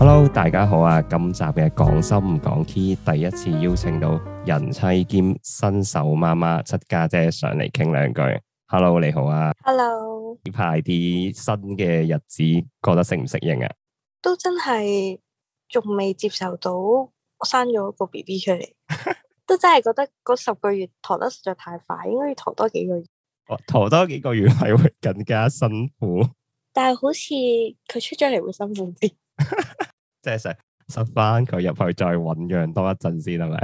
hello，大家好啊！今集嘅講心唔講 key，第一次邀請到人妻兼新手媽媽七家姐上嚟傾兩句。hello，你好啊！hello，呢排啲新嘅日子覺得適唔適應啊？都真係仲未接受到我生咗個 B B 出嚟。 都真係覺得嗰十個月陀得實在太快，應該要陀多幾個月。哦，陀多幾個月係會更加辛苦，但係好似佢出咗嚟會辛苦啲。 即係實塞翻佢入去，再醞釀多一陣先，係咪？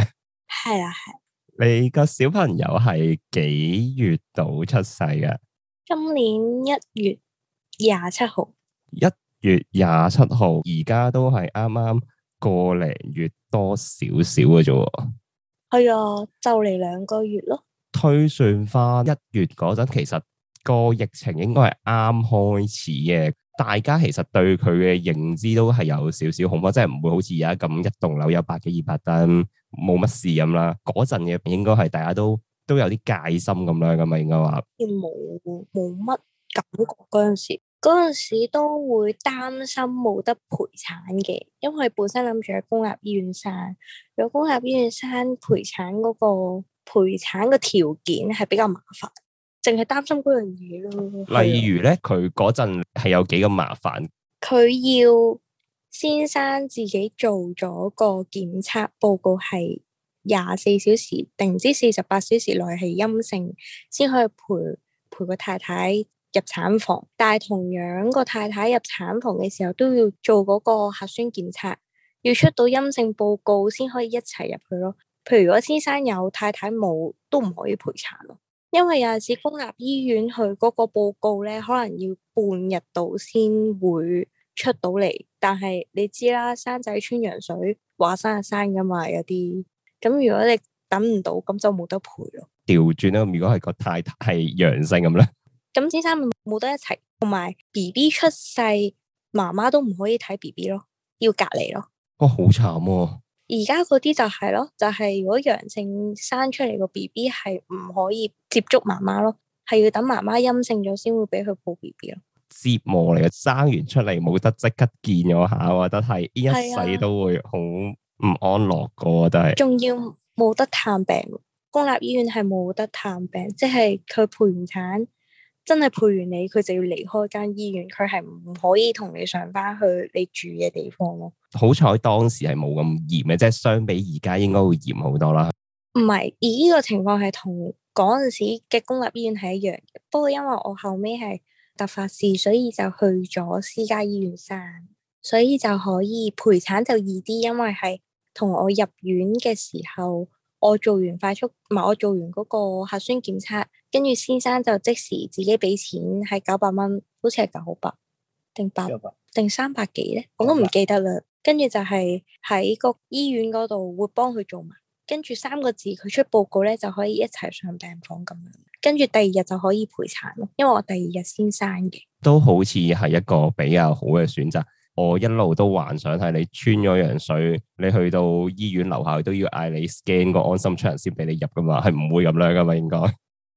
係啊，係、啊。你個小朋友係幾月度出世嘅？今年一月廿七號。一月廿七號，而家都係啱啱過咗個月多少少嘅啫。係啊，就嚟兩個月咯。推算翻一月嗰陣，其實個疫情應該係啱開始嘅。大家其實對佢嘅認知都係有少少恐慌，即係唔會好似而家咁一棟樓有百幾二百單冇乜事咁啦。嗰陣嘅應該係大家都都有啲戒心咁樣咁啊，應該話。冇冇乜感覺嗰陣時，嗰陣時都會擔心冇得陪產嘅，因為本身諗住喺公立醫院生，有公立醫院生陪產嗰個陪產嘅條件係比較麻煩。淨係擔心嗰樣嘢咯。例如咧，佢嗰陣係有幾咁麻煩。佢要先生自己做咗個檢測報告，係廿四小時定唔知四十八小時內係陰性，先可以陪陪個太太入產房。但係同樣個太太入產房嘅時候，都要做嗰個核酸檢測，要出到陰性報告先可以一齊入去咯。譬如如果先生有，太太冇，都唔可以陪產咯。因為有陣時公立醫院去嗰個報告咧，可能要半日到先會出到嚟。但係你知啦，生仔穿羊水話生就生噶嘛，有啲咁如果你等唔到，咁就冇得陪咯。調轉啦，如果係個太太係陽性咁咧，咁先生冇得一齊，同埋 B B 出世，媽媽都唔可以睇 B B 咯，要隔離咯，哦，好慘啊！而家嗰啲就係咯，就係、是、如果陽性生出嚟個 B B 係唔可以接觸媽媽咯，係要等媽媽陰性咗先會俾佢抱 B B 咯。折磨嚟嘅，生完出嚟冇得即刻見咗下，我覺得係呢一世都會好唔安樂個，我覺得。仲、就是、要冇得探病，公立醫院係冇得探病，即係佢陪完產，真係陪完你，佢就要離開間醫院，佢係唔可以同你上翻去你住嘅地方咯。好彩當時係冇咁嚴嘅，即係相比而家應該會嚴好多啦。唔係，而呢個情況係同嗰陣時嘅公立醫院係一樣，不過因為我後尾係突發事，所以就去咗私家醫院生，所以就可以陪產就易啲，因為係同我入院嘅時候，我做完快速，唔、呃、係我做完嗰個核酸檢測，跟住先生就即時自己俾錢，係九百蚊，好似係九百定八百定三百幾咧，我都唔記得啦。跟住就係喺個醫院嗰度會幫佢做埋，跟住三個字佢出報告咧就可以一齊上病房咁樣，跟住第二日就可以陪產咯，因為我第二日先生嘅，都好似係一個比較好嘅選擇。我一路都幻想係你穿咗羊水，你去到醫院樓下都要嗌你 scan 個安心出行先俾你入噶嘛，係唔會咁樣噶嘛應該？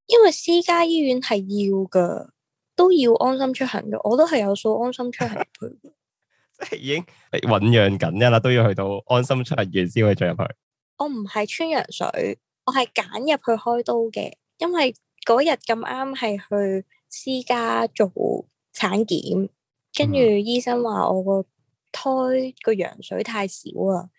因為私家醫院係要噶，都要安心出行嘅，我都係有掃安心出行去。 已經醞釀緊啦，都要去到安心出嚟院先可以再入去。我唔係穿羊水，我係揀入去開刀嘅。因為嗰日咁啱係去私家做產檢，跟住醫生話我個胎個羊水太少啊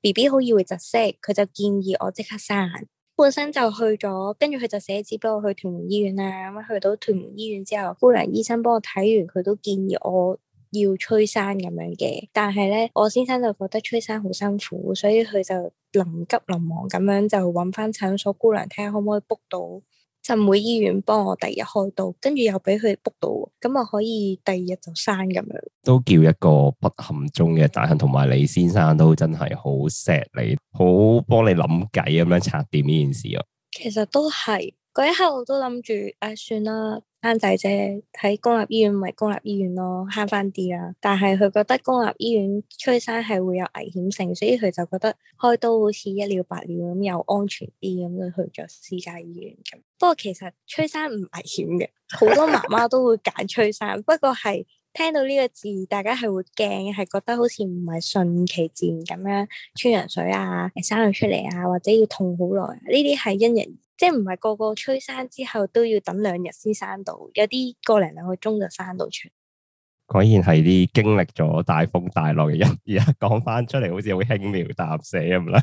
，B B 好易會窒息，佢就建議我即刻生。本身就去咗，跟住佢就寫紙俾我去屯門醫院啦。咁去到屯門醫院之後，姑娘醫生幫我睇完，佢都建議我。要催生咁樣嘅，但係咧，我先生就覺得催生好辛苦，所以佢就臨急臨忙咁樣就揾翻診所姑娘睇下可唔可以 book 到浸會醫院幫我第一日開刀，跟住又俾佢 book 到，咁啊可以第二日就生咁樣，都叫一個不幸中嘅大幸，同埋李先生都真係好錫你，好幫你諗計咁樣拆掂呢件事啊，其實都係。嗰一刻我都諗住，唉、啊，算啦，慳仔啫，喺公立醫院咪公立醫院咯，慳翻啲啦。但係佢覺得公立醫院催生係會有危險性，所以佢就覺得開刀好似一了百了咁，又安全啲咁，就去咗私家醫院。咁不過其實催生唔危險嘅，好多媽媽都會揀催生。 不過係聽到呢個字，大家係會驚，係覺得好似唔係順其自然咁樣，穿羊水啊，生佢出嚟啊，或者要痛好耐，呢啲係因人。即係唔係個個催生之後都要等兩日先生到，有啲過零兩個鐘就生到出。果然係啲經歷咗大風大浪嘅人，而家講返出嚟好似好輕描淡寫咁啦。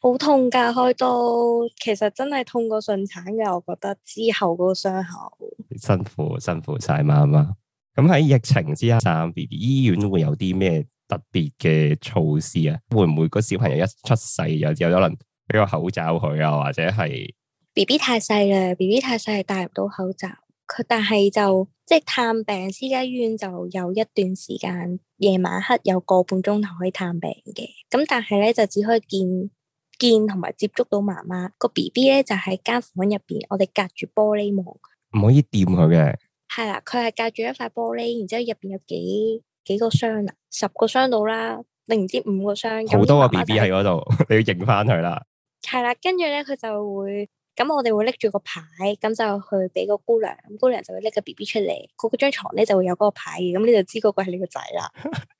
好痛㗎開刀，其實真係痛過順產嘅，我覺得之後嗰個傷口辛苦辛苦晒媽媽。咁喺疫情之下生 B B，醫院會有啲咩特別嘅措施啊？會唔會個小朋友一出世有有可能俾個口罩佢啊？或者係？B B 太細啦，B B 太細係戴唔到口罩。佢但係就即係探病，私家醫院就有一段時間夜晚黑有個半鐘頭可以探病嘅。咁但係咧就只可以見見同埋接觸到媽媽個 B B 咧就喺、是、間房入邊，我哋隔住玻璃望，唔可以掂佢嘅。係啦，佢係隔住一塊玻璃，然之後入邊有幾幾個箱啦，十個箱到啦，定唔知五個箱。好多個 B B 喺嗰度，就是、 你要認翻佢啦。係啦，跟住咧佢就會。咁我哋會拎住個牌，咁就去俾個姑娘，咁姑娘就會拎個 B B 出嚟，嗰個張床咧就會有嗰個牌嘅，咁你就知嗰個係你個仔啦。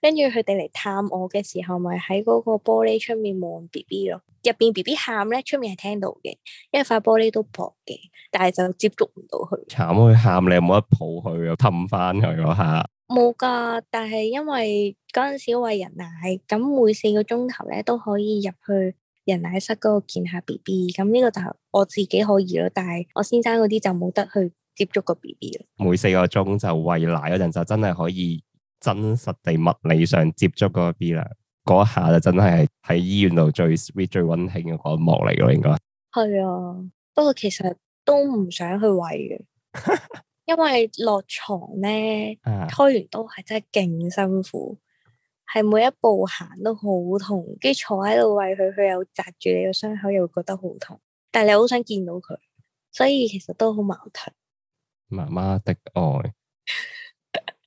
跟住佢哋嚟探我嘅時候，咪喺嗰個玻璃出面望 B B 咯，入邊 B B 喊咧，出面係聽到嘅，因為塊玻璃都薄嘅，但係就接觸唔到佢。慘，佢喊你有冇得抱佢又氹翻佢嗰下？冇噶，但係因為嗰陣時餵人奶、啊，咁每四個鐘頭咧都可以入去。人奶室嗰度見下 B B，咁呢個就我自己可以咯，但係我先生嗰啲就冇得去接觸個 B B 咯。每四個鐘就餵奶嗰陣就真係可以真實地物理上接觸個 B 啦，嗰下就真係喺醫院度最 sweet 最溫馨嘅一幕嚟咯，應該係啊。不過其實都唔想去餵嘅， 因為落床咧開完刀係真係勁辛苦。係每一步行都好痛，跟住坐喺度餵佢，佢又扎住你個傷口，又覺得好痛。但係你好想見到佢，所以其實都好矛盾。媽媽的愛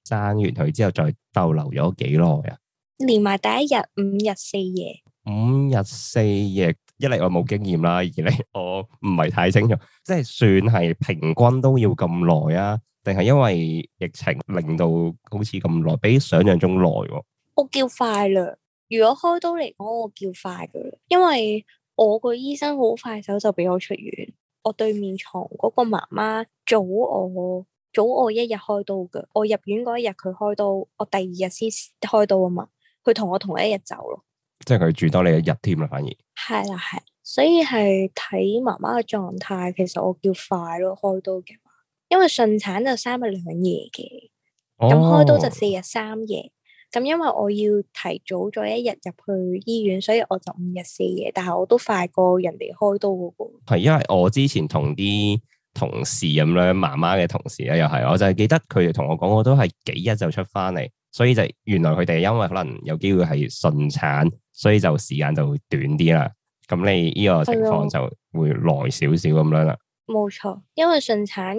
爭完佢之後，再逗留咗幾耐啊？連埋第一日五日四夜，五日四夜。一嚟，我冇經驗啦，二嚟，我唔係太清楚，即係算係平均都要咁耐啊？定係因為疫情令到好似咁耐，比想象中耐喎？我叫快啦！如果開刀嚟講，我叫快嘅啦，因為我個醫生好快手就俾我出院。我對面床嗰個媽媽早我早我一日開刀嘅。我入院嗰一日佢開刀，我第二日先開刀啊嘛。佢同我同一日走咯，即係佢住多你一日添啦，反而係啦係，所以係睇媽媽嘅狀態，其實我叫快咯，開刀嘅話，因為順產就三日兩夜嘅，咁、哦、開刀就四日三夜。咁因為我要提早咗一日入去醫院，所以我就五日四夜，但係我都快過人哋開刀嗰個。係因為我之前同啲同事咁樣，媽媽嘅同事咧，又係我就係記得佢哋同我講，我都係幾日就出翻嚟，所以就原來佢哋因為可能有機會係順產，所以就時間就會短啲啦。咁你呢個情況就會耐少少咁樣啦。冇錯，因為順產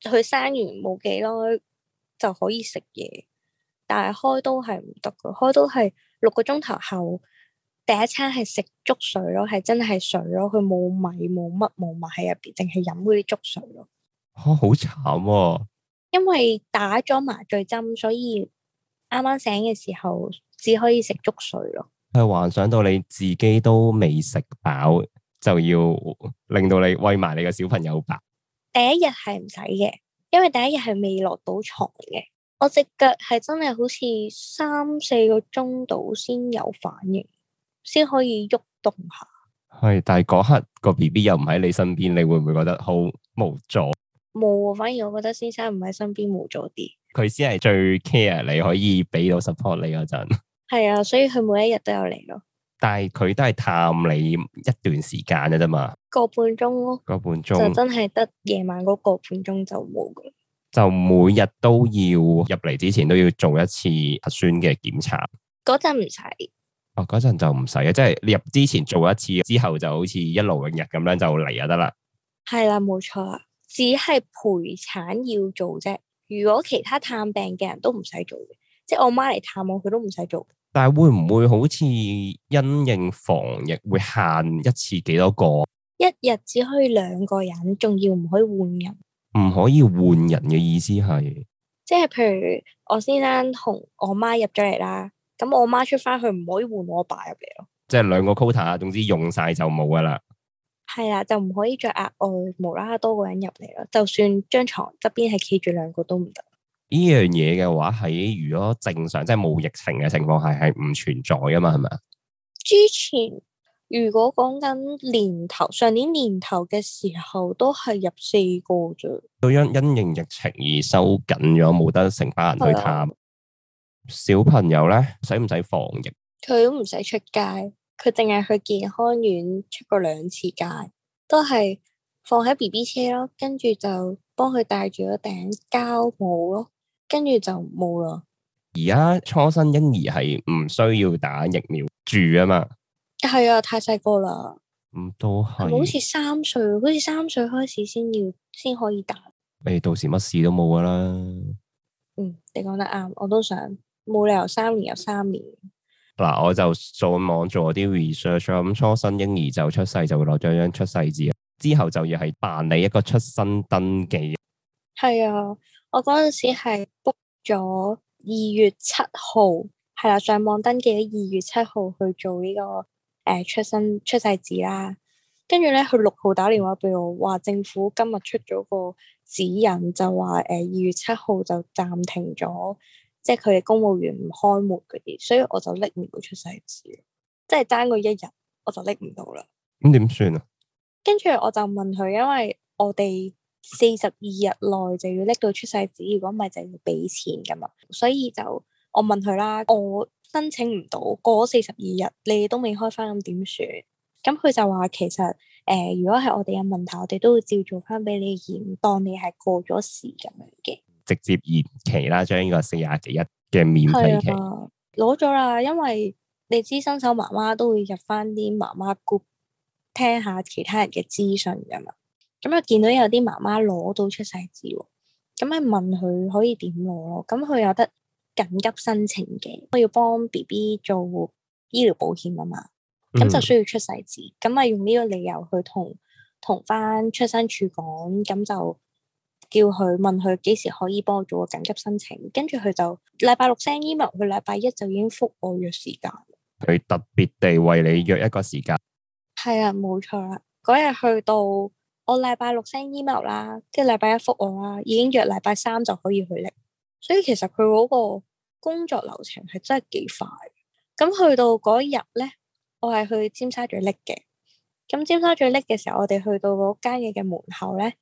佢生完冇幾耐就可以食嘢。但係開刀係唔得嘅，開刀係六個鐘頭後，第一餐係食粥水咯，係真係水咯，佢冇米冇乜冇物喺入邊，淨係飲嗰啲粥水咯。吓，哦，好慘啊！因為打咗麻醉針，所以啱啱醒嘅時候只可以食粥水咯。係幻想到你自己都未食飽，就要令到你餵埋你個小朋友吧。第一日係唔使嘅，因為第一日係未落到床嘅。我隻腳係真係好似三四個鐘到先有反應，先可以喐動下。係，但係嗰刻個 B B 又唔喺你身邊，你會唔會覺得好無助？冇喎，反而我覺得先生唔喺身邊無助啲。佢先係最 care 你，可以俾到 support 你嗰陣。係 啊，所以佢每一日都有嚟咯。但係佢都係探你一段時間嘅啫嘛，半啊、半個半鐘咯，個半鐘就真係得夜晚嗰個半鐘就冇嘅。就每日都要入嚟之前都要做一次核酸嘅檢查。嗰陣唔使，哦，嗰陣就唔使嘅，即係入之前做一次，之後就好似一勞永逸咁樣就嚟就得啦。係啦，啊，冇錯啊，只係陪產要做啫。如果其他探病嘅人都唔使做嘅，即係我媽嚟探望我，佢都唔使做。但係會唔會好似因應防疫會限一次幾多個？一日只可以兩個人，仲要唔可以換人？唔可以換人嘅意思係，即係譬如我先生同我媽入咗嚟啦，咁我媽出翻去唔可以換我爸入嚟咯。即係兩個 quota，總之用晒就冇噶啦。係啦，就唔可以再額外無啦啦多個人入嚟咯。就算張床側邊係企住兩個都唔得。呢樣嘢嘅話，喺如果正常即係冇疫情嘅情況下，係唔存在噶嘛？係咪啊？之前。如果講緊年頭上年年頭嘅時候都係入四個啫，都因因應疫情而收緊咗，冇得成班人去探。的小朋友咧，使唔使防疫？佢都唔使出街，佢淨係去健康院出過兩次街，都係放喺 BB 車咯，跟住就幫佢戴住個頂膠帽咯，跟住就冇啦。而家初生嬰兒係唔需要打疫苗住啊嘛？係啊，太細個啦，唔、嗯、都係，好似三歲，好似三歲開始先要，先可以打。誒、欸，到時乜事都冇噶啦。嗯，你講得啱，我都想，冇理由三年又三年。嗱，我就上網做啲 research 啊，咁、嗯、初生嬰兒就出世就會攞張張出世紙，之後就要係辦理一個出生登記。係啊，我嗰陣時係 book 咗二月七號，係啦、啊，上網登記咗二月七號去做呢、這個。誒、呃，出生出世紙啦，跟住咧，佢六號打電話俾我，話政府今日出咗個指引，就話誒二月七號就暫停咗，即係佢哋公務員唔開門嗰啲，所以我就搦唔到，嗯啊、到出世紙，即係爭嗰一日，我就搦唔到啦。咁點算啊？跟住我就問佢，因為我哋四十二日內就要搦到出世紙，如果唔係就要俾錢噶嘛，所以就我問佢啦，我。申請唔到，過咗四十二日，你都未開翻，咁點算？咁佢就話其實，誒、呃，如果係我哋嘅問題，我哋都會照做翻俾你延，當你係過咗時咁樣嘅，直接延期啦，將呢個四廿幾日嘅免費期攞咗，啊、啦。因為你知新手媽媽都會入翻啲媽媽 group 聽下其他人嘅資訊噶嘛，咁啊見到有啲媽媽攞到出世紙，咁啊問佢可以點攞，咁佢有得。緊急申請嘅，我要幫 B B 做醫療保險啊嘛，咁、嗯、就需要出世紙，咁咪用呢個理由去同同翻出生處講，咁就叫佢問佢幾時可以幫我做個緊急申請，跟住佢就禮拜六 send email，佢禮拜一就已經復我約時間，佢特別地為你約一個時間，係啊，冇錯啦，嗰日去到我禮拜六 send email 啦，即係禮拜一復我啦，已經約禮拜三就可以去拎。所以其實佢嗰個工作流程係真係幾快，咁去到嗰一日咧，我係去尖沙咀拎嘅。咁尖沙咀拎嘅時候，我哋去到嗰間嘢嘅門口咧，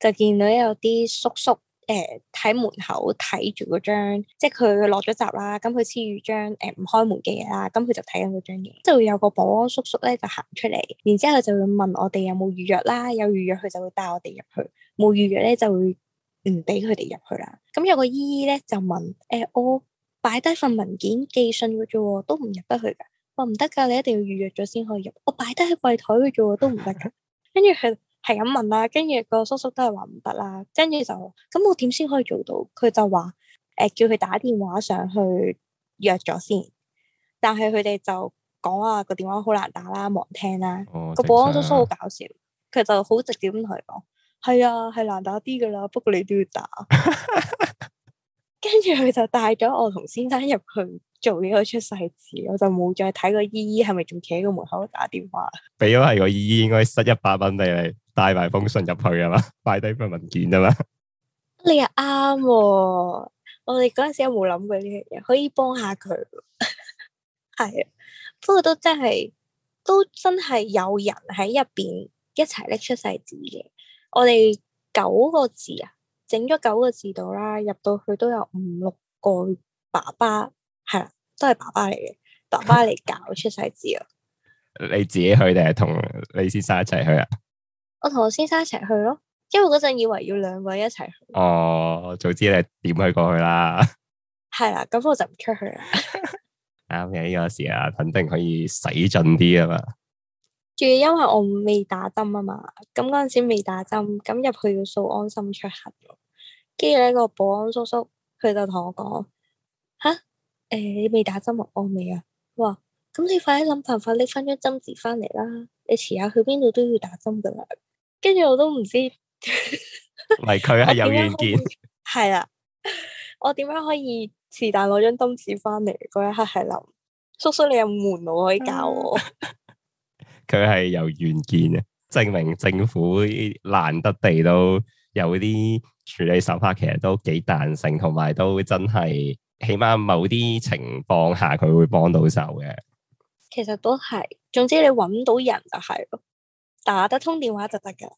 就見到有啲叔叔誒喺、呃、門口睇住嗰張，即係佢落咗閘啦，咁佢黐住張誒唔開門嘅嘢啦，咁佢就睇緊嗰張嘢，就會有個保安叔叔咧就行出嚟，然之後就會問我哋有冇預約啦，有預約佢就會帶我哋入去，冇預約咧就會。唔俾佢哋入去啦。咁有個姨姨咧就問：誒、欸，我擺低份文件寄信嘅啫，都唔入得去嘅。話唔得噶，你一定要預約咗先可以入。我擺低喺櫃台嘅啫，都唔得噶。跟住佢係咁問啦，跟住個叔叔都係話唔得啦。跟住就咁，我點先可以做到？佢就話：誒、欸，叫佢打電話上去約咗先。但係佢哋就講啊，個電話好難打啦，忙聽啦。個、哦、保安叔叔好搞笑，佢、啊、就好直接咁同佢講。係啊，係難打啲，噶啦，不過你都要打。跟住佢就帶咗我同先生入去做咗個出世紙，我就冇再睇個姨姨係咪仲企喺個門口打電話。俾咗係個姨姨，應該塞一百蚊俾你，帶埋封信入去啊嘛，快遞份文件啊嘛。你又啱，我哋嗰陣時有冇諗過呢樣嘢？可以幫下佢。係 啊，不過都真係，都真係有人喺入邊一齊拎出世紙嘅。我哋九個字啊，整咗九個字度啦，入到去都有五六個爸爸，係啦，都係爸爸嚟嘅，爸爸嚟搞出世字啊！ 你自己去定係同你先生一齊去啊？我同我先生一齊去咯，因為嗰陣以為要兩位一齊去。哦，早知你點去過去啦？係 啦，咁我就唔出去啦。啱 嘅， 呢、這個時啊，肯定可以使盡啲啊嘛～住，因為我未打針啊嘛，咁嗰陣時未打針，咁入去要掃安心出行，跟住咧個保安叔叔佢就同我講：吓，誒、欸、你未打針、哦、啊，我未啊。我話：咁你快啲諗辦法拎翻張針紙翻嚟啦，你遲下去邊度都要打針噶啦。跟住我都唔知，咪佢係有軟件，係啦，我點樣可以自帶攞張針紙翻嚟？嗰一刻係諗，叔叔你有門路可以教我。啊 佢係有原件，嘅，證明政府難得地都有啲處理手法，其實都幾彈性，同埋都真係起碼某啲情況下佢會幫到手嘅。其實都係，總之你搵到人就係咯，打得通電話就得㗎。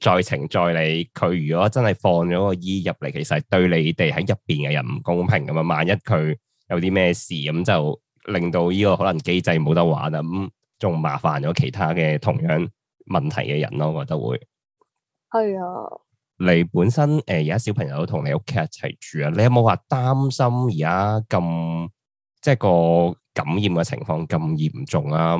再情再理，佢如果真係放咗個醫入嚟，其實係對你哋喺入邊嘅人唔公平咁啊！萬一佢有啲咩事，咁就令到呢個可能機制冇得玩啊咁。仲麻煩咗其他嘅同樣問題嘅人咯，啊，我覺得會係啊。你本身誒，而、呃、家小朋友都同你屋企一齊住啊。你有冇話擔心而家咁即係個感染嘅情況咁嚴重啊？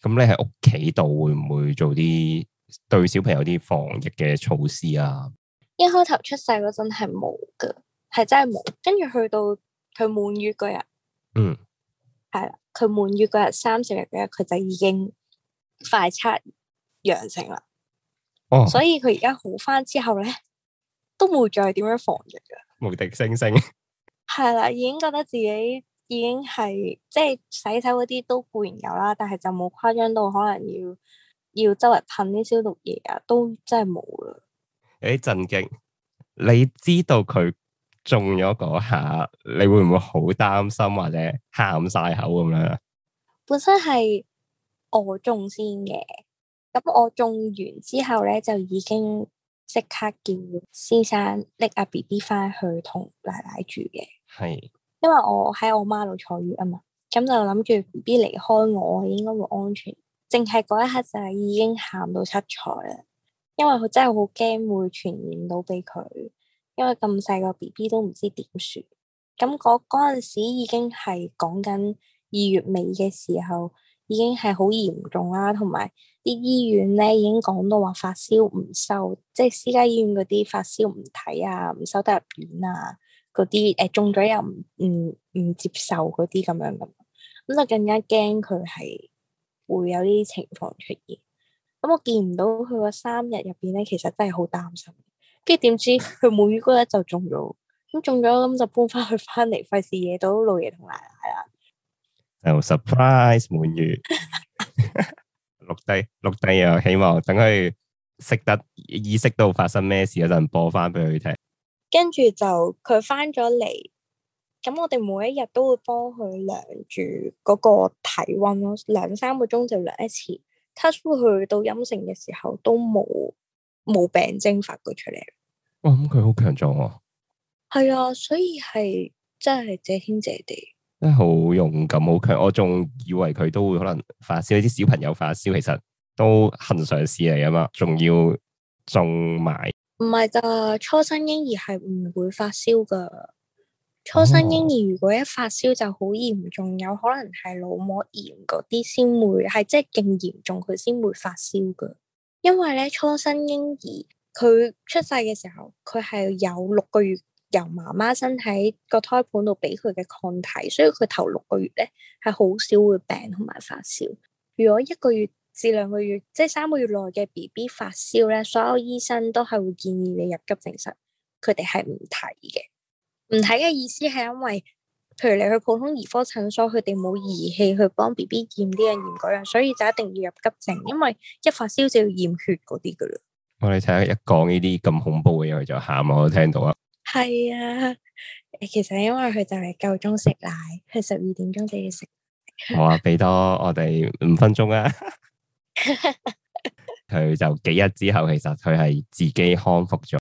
咁你喺屋企度會唔會做啲對小朋友啲防疫嘅措施啊？一開頭出世嗰陣係冇噶，係真係冇。跟住去到佢滿月嗰日，嗯。係啦，佢滿月嗰日，三十日嗰日，佢就已經快測陽性啦。哦，所以佢而家好翻之後咧，都冇再點樣防疫噶無敵星星。係啦，已經覺得自己已經係即係洗手嗰啲都固然有啦，但係就冇誇張到可能要要周圍噴啲消毒液啊，都真係冇啦。有啲、欸，震驚，你知道佢？中咗嗰下，你會唔會好擔心或者喊晒口咁樣？本身係我中先嘅，咁我中完之後咧就已經即刻叫先生拎阿 B B 翻去同奶奶住嘅。係是，因為我喺我媽度坐月啊嘛，咁就諗住 B B 離開我應該會安全，淨係嗰一刻就係已經喊到七彩啦，因為佢真係好驚會傳染到俾佢。因為咁細個 B B 都唔知點算，咁嗰嗰陣時已經係講緊二月尾嘅時候，已經係好嚴重啦，同埋啲醫院咧已經講到話發燒唔收，即係私家醫院嗰啲發燒唔睇啊，唔收得入院啊，嗰啲誒中咗又唔唔唔接受嗰啲咁樣噶，咁就更加驚佢係會有啲情況出現，咁我見唔到佢個三日入邊咧，其實真係好擔心。跟住點知佢滿月嗰日就中咗，咁中咗咁就搬翻去翻嚟，費事惹到老爺同奶奶啦。就、no、surprise 滿月，錄低錄低又希望等佢識得意識到發生咩事，一陣播翻俾佢聽。跟住就佢翻咗嚟，咁我哋每一日都會幫佢量住嗰個體溫咯，兩三個鐘就量一次。test 佢到陰性嘅時候都冇冇病徵發過出嚟。我諗佢好強壯喎，係啊，啊，所以係真係謝天謝地，真係好勇敢，好強。我仲以為佢都會可能發燒，啲小朋友發燒其實都尋常事嚟啊嘛，仲要種埋唔係噶，初生嬰兒係唔會發燒噶。初生嬰兒如果一發燒就好嚴重，哦、有可能係腦膜炎嗰啲先會，係即係勁嚴重佢先會發燒噶。因為咧，初生嬰兒。佢出世嘅時候，佢係有六個月由媽媽身體個胎盤度俾佢嘅抗體，所以佢頭六個月咧係好少會病同埋發燒。如果一個月至兩個月，即係三個月內嘅 BB 發燒咧，所有醫生都係會建議你入急症室，佢哋係唔睇嘅。唔睇嘅意思係因為，譬如你去普通兒科診所，佢哋冇儀器去幫 BB 驗呢樣驗嗰樣，所以就一定要入急症，因為一發燒就要驗血嗰啲噶啦。我哋睇下一講呢啲咁恐怖嘅嘢，佢就喊，我都聽到啊。係啊，其實因為佢就係夠鐘食奶，佢 十二點鐘就要食。好 哦、啊，俾多我哋五分鐘啊。佢就幾日之後，其實佢係自己康復咗。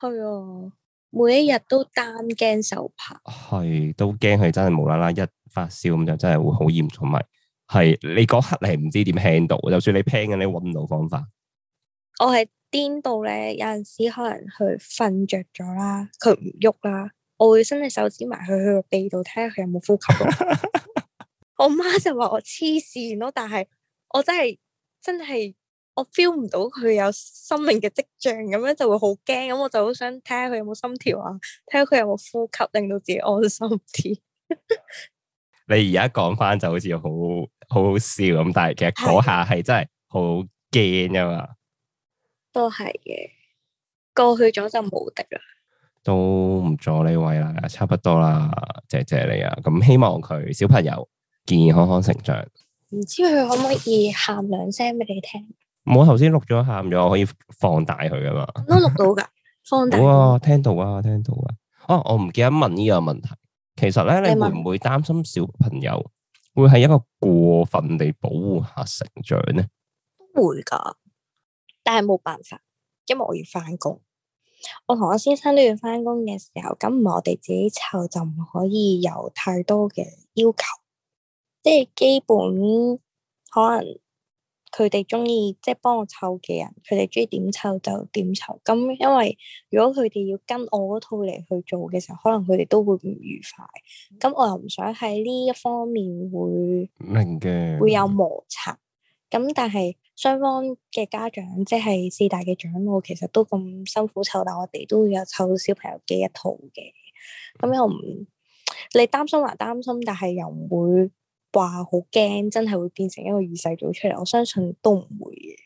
係啊，每一日都擔驚受怕。係，都驚佢真係無啦啦一發燒咁就真係會好嚴重。咪係你嗰刻係唔知點 handle，就算你 plan 緊，你搵唔到方法，我係。癲到咧，有陣時可能佢瞓着咗啦，佢唔喐啦，我會伸隻手指埋去佢個鼻度，睇下佢有冇呼吸。 我媽就話我黐線咯，但係我真係真係我 feel 唔到佢有生命嘅跡象，咁樣就會好驚，咁我就好想睇下佢有冇心跳啊，睇下佢有冇呼吸，令到自己安心啲。 你而家講翻就好似好好笑咁，但係其實嗰下係真係好驚啊嘛。都係嘅，過去咗就無敵啦。都唔阻呢位啦，差不多啦，謝謝你啊！咁希望佢小朋友健健康康成長。唔知佢可唔可以喊兩聲俾你聽？我頭先錄咗喊咗，可以放大佢噶嘛？都錄到噶，放大。哇，聽到啊，聽到，聽到啊！哦，我唔記得問呢個問題。其實咧，你會唔會擔心小朋友會係一個過分地保護下成長呢？會噶。但係冇辦法，因為我要翻工。我同我先生都要翻工嘅時候，咁唔係我哋自己湊就唔可以有太多嘅要求，即係基本可能佢哋中意即係幫我湊嘅人，佢哋中意點湊就點湊。咁因為如果佢哋要跟我嗰套嚟去做嘅時候，可能佢哋都會唔愉快。咁我又唔想喺呢一方面會明嘅會有摩擦。咁、嗯、但係雙方嘅家長，即係四大嘅長老，其實都咁辛苦湊，但我哋都會有湊小朋友嘅一套嘅。咁、嗯、又唔，你擔心話擔心，但係又唔會話好驚，真係會變成一個二世祖出嚟。我相信都唔會嘅。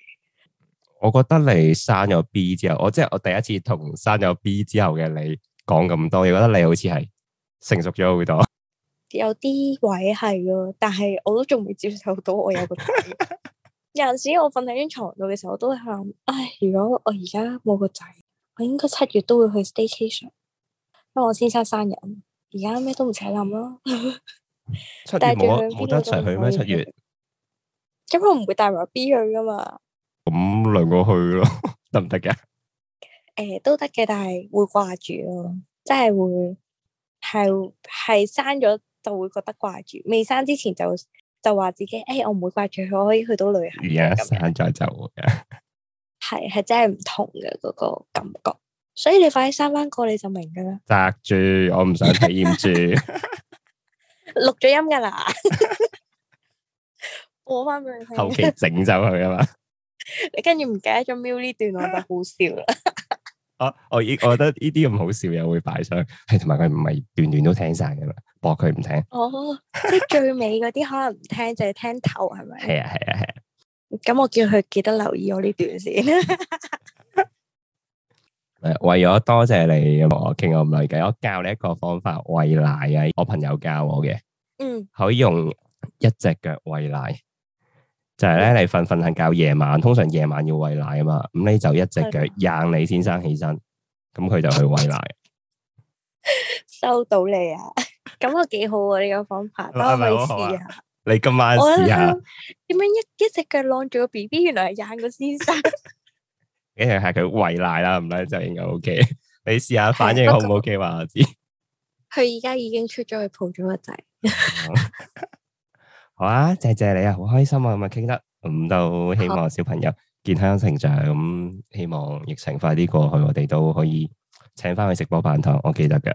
我覺得你生咗 B 之後，我即係我第一次同生咗 B 之後嘅你講咁多，你覺得你好似係成熟咗好多。有啲位係咯，但係我都仲未接受到我有個。 有陣時我瞓喺張床度嘅時候，我都會諗，唉，如果我而家冇個仔，我應該七月都會去 staycation，因為我先生生日。而家咩都唔使諗咯。 但七月冇得一齊去咩？七月，因為我唔會帶埋 B 去噶嘛。咁兩、嗯、個去咯，得唔得嘅？誒、欸，都得嘅，但係會掛住咯，即係會係係生咗就會覺得掛住，未生之前就。就話自己誒，我唔會掛住佢，我可以去到旅行。而家刪咗就係係真係唔同嘅，嗰個感覺，所以你快啲生翻過，你就明噶啦。扎住，我唔想體驗住。錄咗音噶啦，播翻俾你聽。後期整走佢啊嘛，你跟住唔記得咗瞄呢段，我就好笑啦。我依，我覺得呢啲咁好笑又會擺上，係同埋佢唔係段段都聽晒噶喇，不過佢唔聽。哦，即係最尾嗰啲可能唔聽，就係聽頭，係咪？係啊係啊係啊。咁我叫佢記得留意我呢段先。誒，為咗多謝你同我傾咁耐偈，我教你一個方法餵奶啊！我朋友教我嘅，嗯，可以用一隻腳餵奶。就係咧，你瞓瞓瞓覺夜晚，通常夜晚要喂奶啊嘛，咁你就一隻腳讓你先生起身，咁佢就去喂奶。收到你啊，咁啊幾好啊呢個方法，都可以試下。你今晚試下點樣一一隻腳晾住個 B B，原來係讓個先生。一係係佢喂奶啦，唔係就應該 O K。你試下反應好唔 O K？話我知。佢而家已經出咗去抱咗個仔。好啊，謝謝你啊，好開心啊，咁啊，傾得咁，都希望小朋友健康成長，咁希望疫情快啲過去，我哋都可以請翻去食波板糖，我記得噶。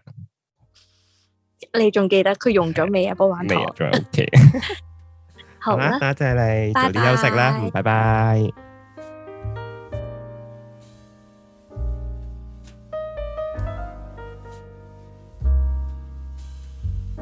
你仲記得佢用咗未啊？波板糖仲 OK。好啦，多謝你，早啲休息啦，拜拜。